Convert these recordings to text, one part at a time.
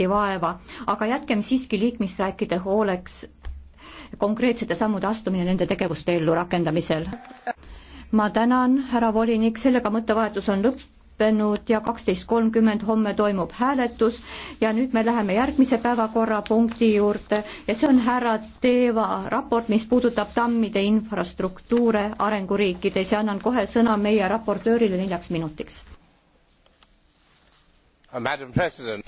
kõvasti vaeva, aga jätkem siiski liikmesriikide hooleks konkreetsete sammude astumine nende tegevuste ellurakendamisel. ma tänan, härra volinik, sellega mõttevahetus on lõppenud ja kaksteist kolmkümmend homme toimub hääletus ja nüüd me läheme järgmise päevakorrapunkti juurde ja see on härra Teeva raport, mis puudutab tammide infrastruktuure arenguriikides ja annan kohe sõna meie raportöörile neljaks minutiks. Uh,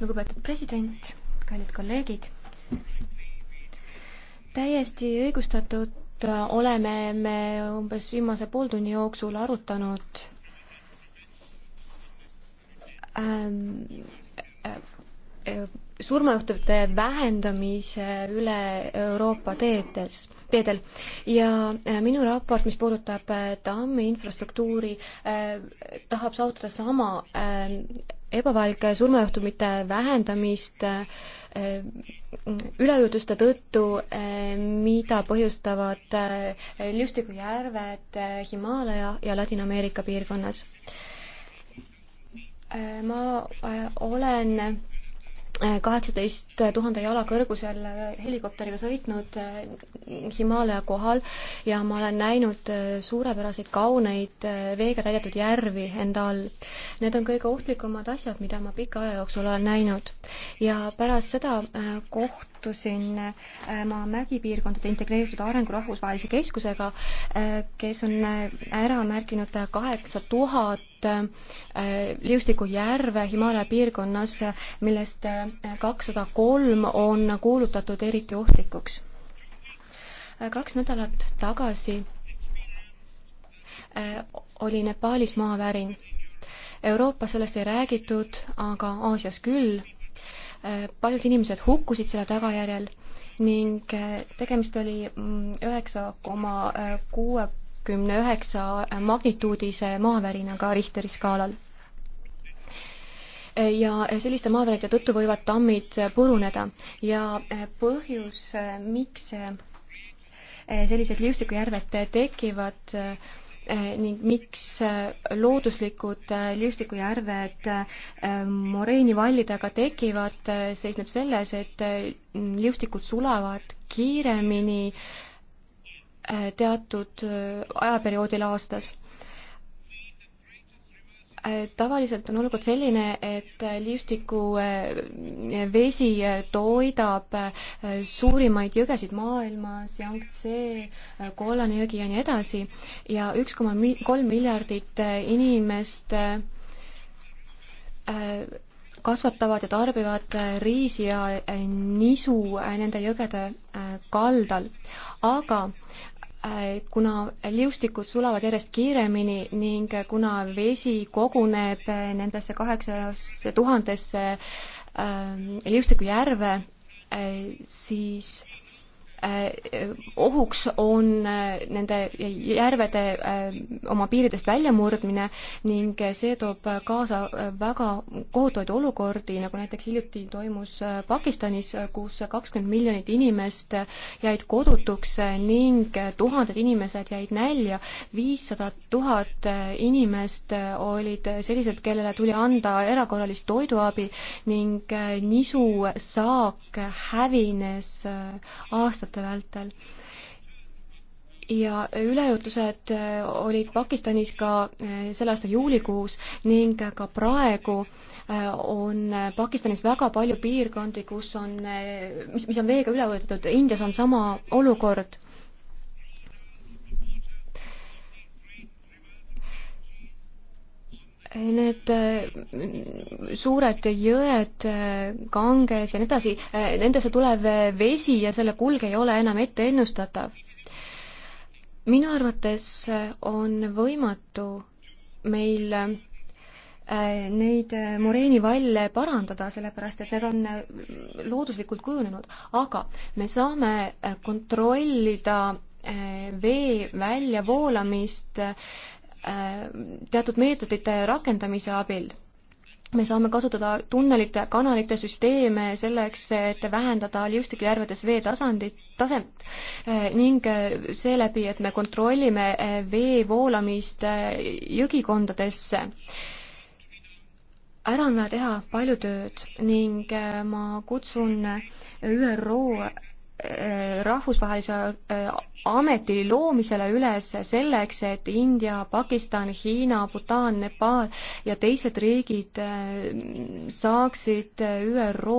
lugupeetud president, kallid kolleegid. täiesti õigustatud äh, oleme me umbes viimase pooltunni jooksul arutanud ähm, äh, surmajuhtumite vähendamise üle Euroopa teedes teedel ja äh, minu raport, mis puudutab äh, tammi infrastruktuuri eh,, tahab saavutada sama eh, ebavajalike surmajuhtumite vähendamist eh, üleujutuste tõttu, mida põhjustavad Liustiku järved Himaalaja ja Ladina-Ameerika piirkonnas. ma olen kaheksateist tuhande jala kõrgusel helikopteriga sõitnud äh, Himaalaja kohal ja ma olen näinud äh, suurepäraseid kauneid äh, veega täidetud järvi enda all. Need on kõige ohtlikumad asjad, mida ma pika aja jooksul olen näinud. ja pärast seda koht kohtusin äh, ma mägipiirkondade integreeritud arengu rahvusvahelise keskusega, äh, kes on äh, ära märkinud kaheksa tuhat liustiku järve Himalaia piirkonnas, millest kakssada kolm on kuulutatud eriti ohtlikuks. kaks nädalat tagasi oli Nepaalis maavärin Euroopas sellest ei räägitud, aga Aasias küll Äh, paljud inimesed hukkusid selle tagajärjel ning äh, tegemist oli mm, üheksa koma äh, kuuekümne üheksa magnituudise maavärinaga Richteri skaalal ja selliste maavärinate tõttu võivad tammid puruneda ja põhjus, miks sellised liustikujärved tekivad, Eh, ning miks eh, looduslikud eh, liustikujärved moreenivallidega tekivad, seisneb selles, et liustikud sulavad kiiremini teatud ajaperioodil aastas tavaliselt on olukord selline, et liustiku eh, vesi eh, toidab eh, suurimaid jõgesid maailmas, Yangtze, Kollani jõgi ja nii edasi, ja üks koma kolm miljardit inimest kasvatavad ja tarbivad riisi ja nisu nende jõgede kaldal. aga Äh, kuna liustikud sulavad järjest kiiremini ning kuna vesi koguneb äh, nendesse kaheksasse tuhandesse äh, liustikujärve, siis Äh, ohuks on äh, nende järvede äh, oma piiridest väljamurdmine ning see toob kaasa väga kohutavaid olukordi, nagu näiteks hiljuti toimus Pakistanis, kus kakskümmend miljonit inimest jäid kodutuks ning tuhanded inimesed jäid nälja. viissada tuhat inimest olid sellised, kellele tuli anda erakorralist toiduabi ning nisusaak hävines aastate aastate vältel. ja üleujutused äh, olid Pakistanis ka äh, selle aasta juulikuus ning ka praegu äh, on Pakistanis väga palju piirkondi, kus on, mis, mis on veega üle võetud, Indias on sama olukord Need äh, suured jõed, äh, Ganges ja nii edasi, äh, nendesse tulev vesi ja selle kulg ei ole enam ette ennustatav. minu arvates on võimatu meil neid moreenivalle parandada, sellepärast et need on looduslikult kujunenud, aga me saame kontrollida vee väljavoolamist Äh, teatud meetodite rakendamise abil me saame kasutada tunnelite, kanalite süsteeme selleks, et vähendada liustikujärvedes vee tasandit, taset äh, ning äh, seeläbi, et me kontrollime vee voolamist jõgikondadesse. ära on vaja teha palju tööd ning ma kutsun ÜRO Äh, rahvusvahelise äh, ameti loomisele üles selleks, et India, Pakistan, Hiina, Bhutan, Nepal ja teised riigid äh, saaksid ÜRO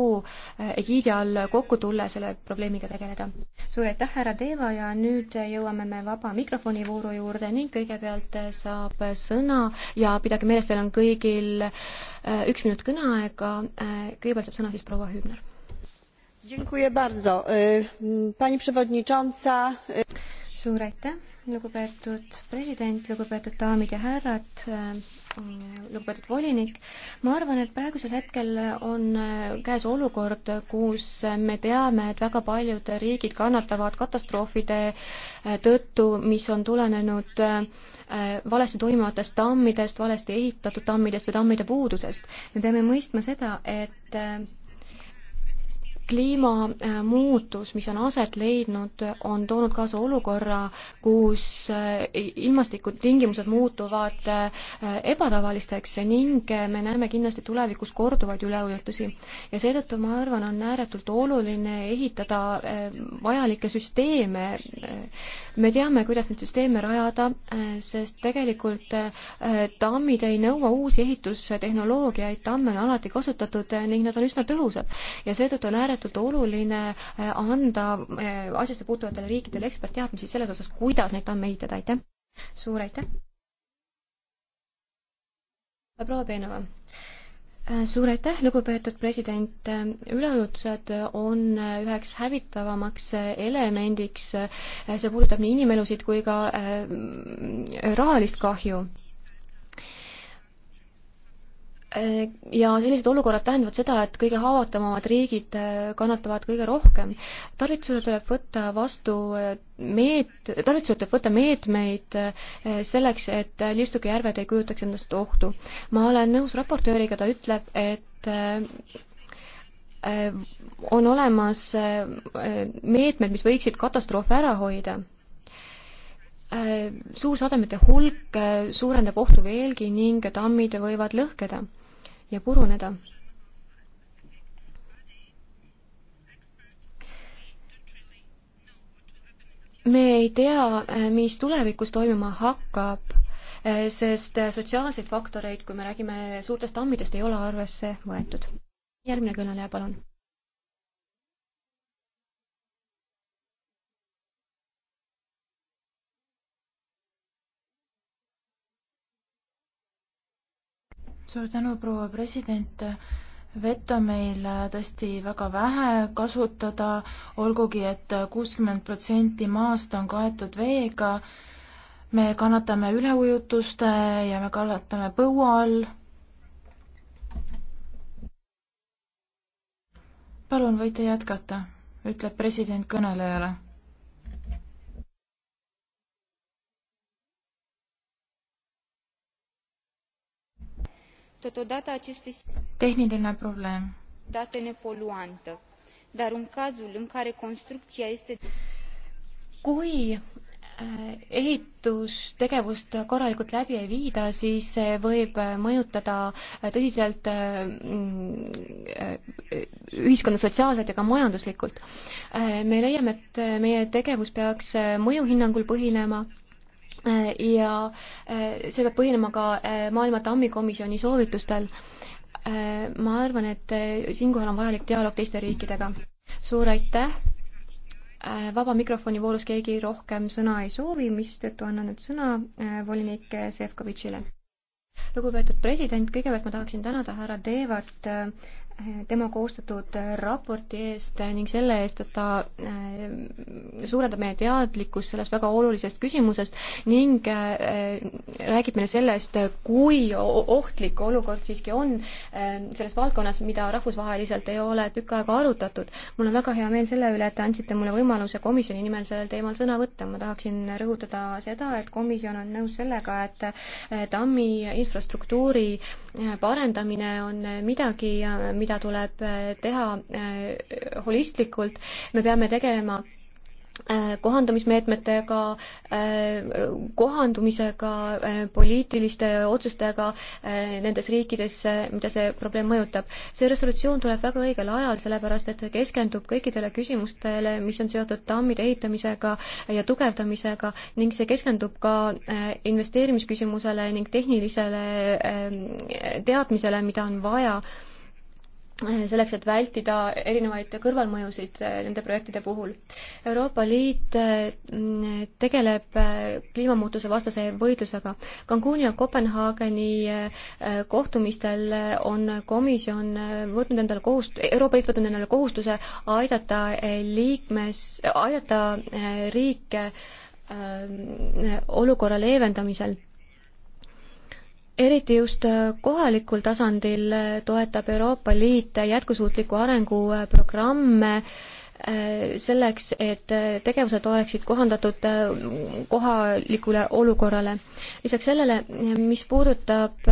egiidi all kokku tulla ja selle probleemiga tegeleda. suur aitäh, härra Deva ja nüüd jõuame me vaba mikrofoni vooru juurde ning kõigepealt saab sõna ja pidage meeles, teil on kõigil üks minut kõneaega, kõigepealt saab sõna siis proua Hübner suur aitäh, lugupeetud president, lugupeetud daamid ja härrad, lugupeetud volinik. ma arvan, et praegusel hetkel on käes olukord, kus me teame, et väga paljud riigid kannatavad katastroofide tõttu, mis on tulenenud valesti toimivatest tammidest, valesti ehitatud tammidest või tammide puudusest. me peame mõistma seda, et kliimamuutus, mis on aset leidnud, on toonud kaasa olukorra, kus eh, ilmastikutingimused muutuvad eh, ebatavalisteks ning me näeme kindlasti tulevikus korduvaid üleujutusi. ja seetõttu ma arvan, on ääretult oluline ehitada eh, vajalikke süsteeme. me teame, kuidas neid süsteeme rajada, sest tegelikult tammid ei nõua uusi ehitustehnoloogiaid, tamme on alati kasutatud ning nad on üsna tõhusad ja seetõttu on ääretult ääretult oluline äh, anda äh, asjasse puutuvatele riikidele ekspertteadmisi selles osas, kuidas neid tamme ehitada, aitäh! suur aitäh! Äh, proua Peenova suur aitäh, lugupeetud president, üleujutused on üheks hävitavamaks elemendiks, see puudutab nii inimelusid kui ka rahalist kahju ja sellised olukorrad tähendavad seda, et kõige haavatavamad riigid äh, kannatavad kõige rohkem. tarvitusele tuleb võtta vastu äh, meet-, tarvitusele tuleb võtta meetmeid äh, selleks, et Liistugi järved ei kujutaks endast ohtu. ma olen nõus raportööriga, ta ütleb, et on olemas meetmed, mis võiksid katastroofe ära hoida suursademete hulk suurendab ohtu veelgi ning tammid võivad lõhkeda ja puruneda. me ei tea, eh, mis tulevikus toimuma hakkab, eh, sest eh, sotsiaalseid faktoreid, kui me räägime suurtest tammidest, ei ole arvesse võetud. järgmine kõneleja, palun suur tänu, proua president. vett on meil äh, tõesti väga vähe kasutada, olgugi et äh, kuuskümmend protsenti maast on kaetud veega. me kannatame üleujutuste ja me kannatame põua all. palun, võite jätkata, ütleb president kõnelejale totodată aceste tehniline problem date nepoluantă dar în cazul în care construcia este kui eh, ehitustegevust korralikult läbi ei viida, siis see võib eh, mõjutada eh, tõsiselt mm, ühiskonda sotsiaalselt ja ka majanduslikult. me leiame, et meie tegevus peaks mõjuhinnangul põhinema Äh, ja äh, see peab põhinema ka äh, Maailma Tammikomisjoni soovitustel. ma arvan, et siinkohal on vajalik dialoog teiste riikidega. suur aitäh! vaba mikrofoni voorus keegi rohkem sõna ei soovi, mistõttu annan nüüd sõna volinik Sefkovitšile lugupeetud president, kõigepealt ma tahaksin tänada härra Teevat äh, tema koostatud äh, raporti eest äh, ning selle eest, et ta suurendab meie teadlikkust sellest väga olulisest küsimusest ning räägib meile sellest, kui ohtlik olukord siiski on selles valdkonnas, mida rahvusvaheliselt ei ole tükk aega arutatud. mul on väga hea meel selle üle, et te andsite mulle võimaluse komisjoni nimel sellel teemal sõna võtta. ma tahaksin rõhutada seda, et komisjon on nõus sellega, et TAMi infrastruktuuri äh, parendamine on äh, midagi, äh, mida tuleb teha holistlikult, me peame tegema Äh, kohandumismeetmetega, äh, kohandumisega, äh, poliitiliste otsustega nendes riikides, mida see probleem mõjutab. see resolutsioon tuleb väga õigel ajal, sellepärast et see keskendub kõikidele küsimustele, mis on seotud tammide ehitamisega ja tugevdamisega ning see keskendub ka investeerimisküsimusele ning tehnilisele ähm, teadmisele, mida on vaja selleks, et vältida erinevaid kõrvalmõjusid äh, nende projektide puhul. Euroopa Liit äh, tegeleb äh, kliimamuutuse vastase võitlusega. Cancuni ja Kopenhaageni kohtumistel on komisjon võtnud endale kohust-, Euroopa Liit võtnud endale kohustuse aidata liikmes, aidata riike ähm, olukorra leevendamisel eriti just äh, kohalikul tasandil äh, toetab Euroopa Liit jätkusuutliku arengu äh, programme selleks, et tegevused oleksid kohandatud kohalikule olukorrale. lisaks sellele, mis puudutab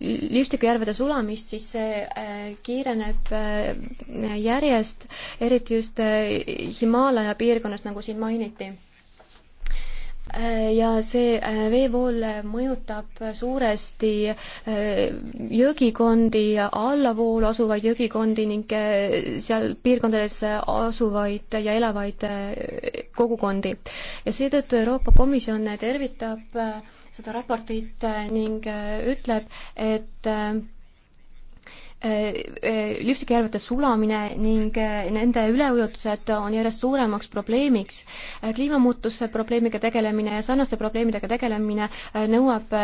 liustikujärvede sulamist, siis see kiireneb järjest, eriti just Himaalaja piirkonnas, nagu siin mainiti Äh, ja see äh, veevool mõjutab suuresti äh, jõgikondi, allavool asuvaid jõgikondi ning seal piirkondades asuvaid ja elavaid kogukondi. ja seetõttu Euroopa Komisjon tervitab seda raportit ning ütleb, et Äh, äh, Lüpsika järvete sulamine ning äh, nende üleujutused on järjest suuremaks probleemiks. kliimamuutuse probleemiga tegelemine ja sarnaste probleemidega tegelemine nõuab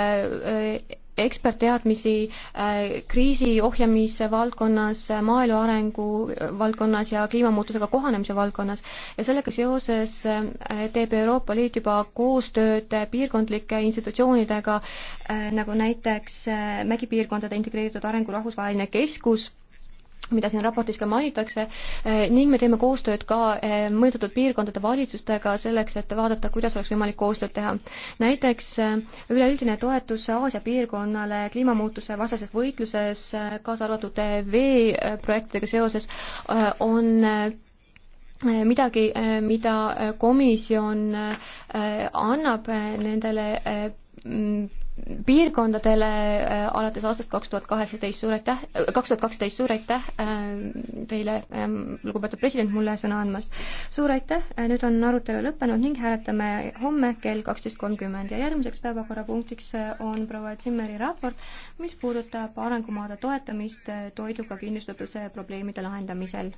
ekspertteadmisi äh, kriisi ohjamise valdkonnas, maaelu arengu valdkonnas ja kliimamuutusega kohanemise valdkonnas ja sellega seoses äh, teeb Euroopa Liit juba koostööd piirkondlike institutsioonidega, äh, nagu näiteks Mägipiirkondade Integreeritud Arengu Rahvusvaheline Keskus mida siin raportis ka mainitakse, eh, ning me teeme koostööd ka eh, mõjutatud piirkondade valitsustega selleks, et vaadata, kuidas oleks võimalik koostööd teha. näiteks eh, üleüldine toetus Aasia piirkonnale kliimamuutuse vastases võitluses, kaasa arvatud veeprojektidega seoses, on midagi, mida komisjon annab nendele piirkondadele äh, alates aastast kaks tuhat kaheksateist, suur aitäh, äh, kaks tuhat kaksteist, suur aitäh äh, teile, ähm, lugupeetud president, mulle sõna andmast. suur aitäh, nüüd on arutelu lõppenud ning hääletame homme kell kaksteist kolmkümmend ja järgmiseks päevakorrapunktiks on proua Zimmeri raport, mis puudutab arengumaade toetamist toiduga kindlustatuse probleemide lahendamisel.